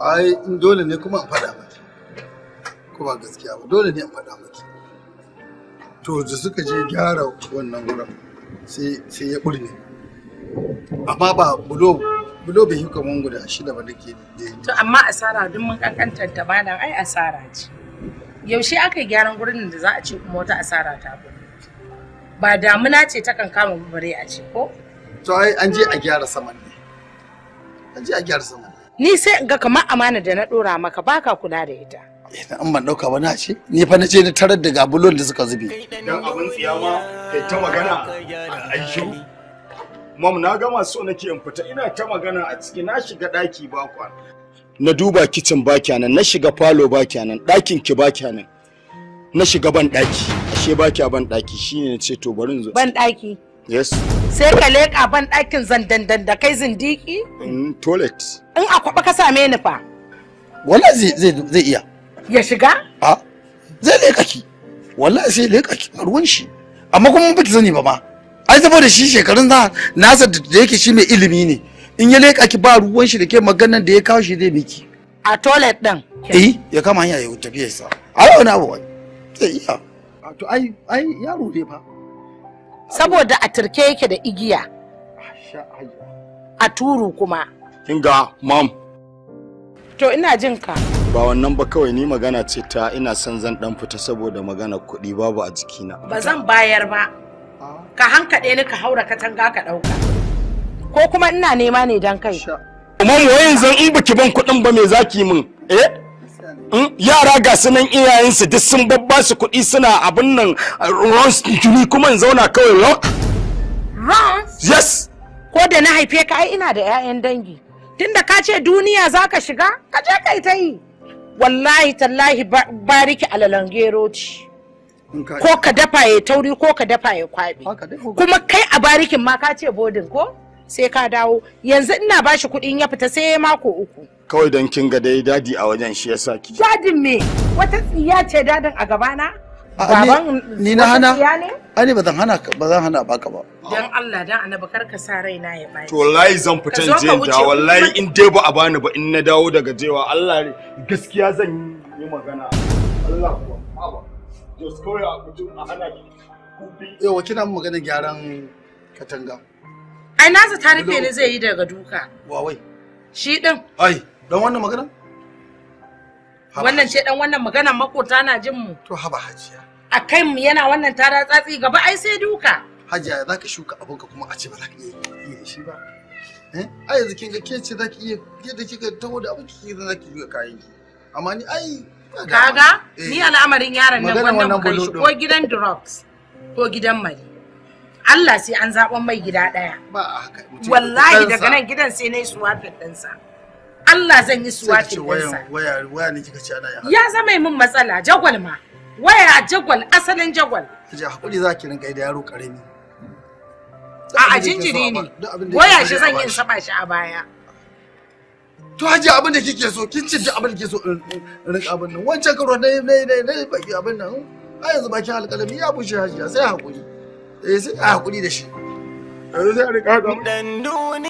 ai in dole ne kuma in faɗa maki kuma gaskiya ba dole ne in faɗa maki to da suka je gyara wannan wurin sai ya ɓurne amma ba bulo bulo bai yi mun guda shida ba dake to amma asara duk mun kankantar ta malam ai asara ce yaushe aka yi gyaran gurin da za a ce kuma wata asara ta bu ba damuna ce ta kankama bare a ce ko to ai an je a gyara saman ne an je a gyara saman ni sai in ga kamar amana da na dora maka baka kula da ita idan an ban dauka wani a ce ni fa na ce ni tarar da gabulon da suka zube dan abin tsiyawa kai ta magana a shiru mom na gama so nake in fita ina ta magana a ciki na shiga daki ba na duba kicin ba kyanan na shiga falo ba kyanan dakin ki ba kyanan na shiga ban daki ashe ba kya ban daki shine na ce to bari in zo ban daki yes sai ka leka ban dakin zan dandan da kai zindiki mm, toilet in a kwaba ka same ni fa wallahi zai zai iya ya shiga a zai leka ki wallahi sai leka ki ruwan shi amma kuma mun bata sani ba ma ai saboda shi shekarun da nasa da yake shi mai ilimi ne in ya leka ki ba ruwan shi da ke maganar da ya kawo shi zai miki a toilet din eh ya kama hanya ya tafi ya sa ai wani abu zai iya to ai ai yaro dai fa saboda a turke yake da igiya a turu kuma kinga mom to ina jin ka ba wannan ba kawai ni magana ce ta ina son zan dan fita saboda magana kuɗi babu a jikina ba zan bayar ba ka hankaɗe ni ka haura katanga ka ɗauka ko kuma ina nema ne dan kai mom wayin zan in baki ban kuɗin ba me zaki min eh hmm? yara ga su nan iyayensu duk sun babba su kuɗi suna abin nan rons juni kuma in zauna kawai lock. rons yes ko da na haife ka ai ina da 'ya'yan dangi tunda ka ce duniya za ka shiga ka je kai ta yi wallahi tallahi bariki lalangero ce ko ka dafa ya tauri ko ka dafa ya kwabi kuma kai a barikin ma ka ce bodin ko sai ka dawo yanzu ina bashi kuɗin ya fita sai mako uku kawai don kin ga dai dadi a wajen shi ya saki dadin me wata tsiya ce dadin a gabana ni na hana ani ba zan hana ba zan hana baka ba dan Allah dan annabi kar ka sa raina ya bai to wallahi zan fita in je da wallahi in dai ba a bani ba in na dawo daga jewa Allah gaskiya zan yi magana Allah kuwa haba To score a mutum a hana ki yawa kina magana gyaran katanga ai nasa ta rufe ne zai yi daga duka wai. shi din ai dan wannan magana wannan ce dan wannan magana makota na jin mu to haba hajiya a kai mu yana wannan tara tsatsi gaba ai sai duka hajiya za ka shuka abinka kuma a ce ba za ka iya shi ba eh ai yanzu kin ga ke ce za ki iya yadda kika taho da abin kike za ki iya kayan ki amma ni ai kaga eh. ni al'amarin yaron nan wannan kai shi ko gidan drugs ko gidan mari Allah sai an zaɓa mai gida ɗaya. Wallahi daga nan gidan sai na yi suwafin ɗinsa. Allah zan yi suwa ce Waya waya waya ne kika ce ana ya Ya zama min matsala jagwal ma. Waya jagwal asalin jagwal. Kija hakuri za ki rinka da yaro karami. A a jinjiri ne. Waya shi zan yi saba shi a baya. To haji abin da kike so kin ci cinta abin da kike so rinka abin nan. Wancan karo ne ne ne na baki abin nan. A yanzu bakin alƙalami ya bushe haji sai hakuri. Eh sai hakuri da shi. Yanzu sai a rinka mu Dan duni